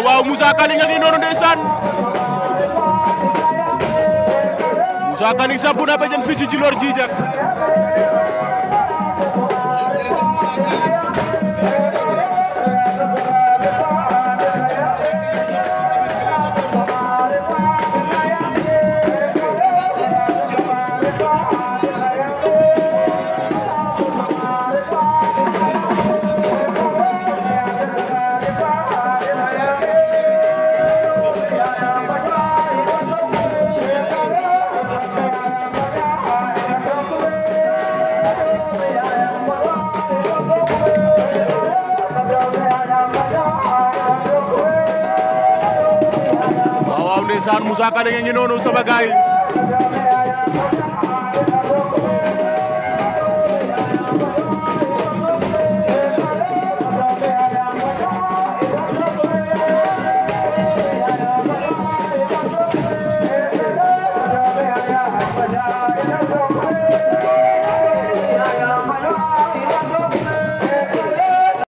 waaw waaw Moussa Kane nga nii noonu ndeysaan Moussa Kane sampu na ba jëm fii ci Djilor waaw ndeysaan Moussa Ka da ngeen ngi noonu sama gaay